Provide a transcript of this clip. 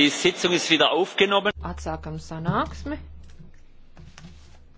Atsākam sanāksmi.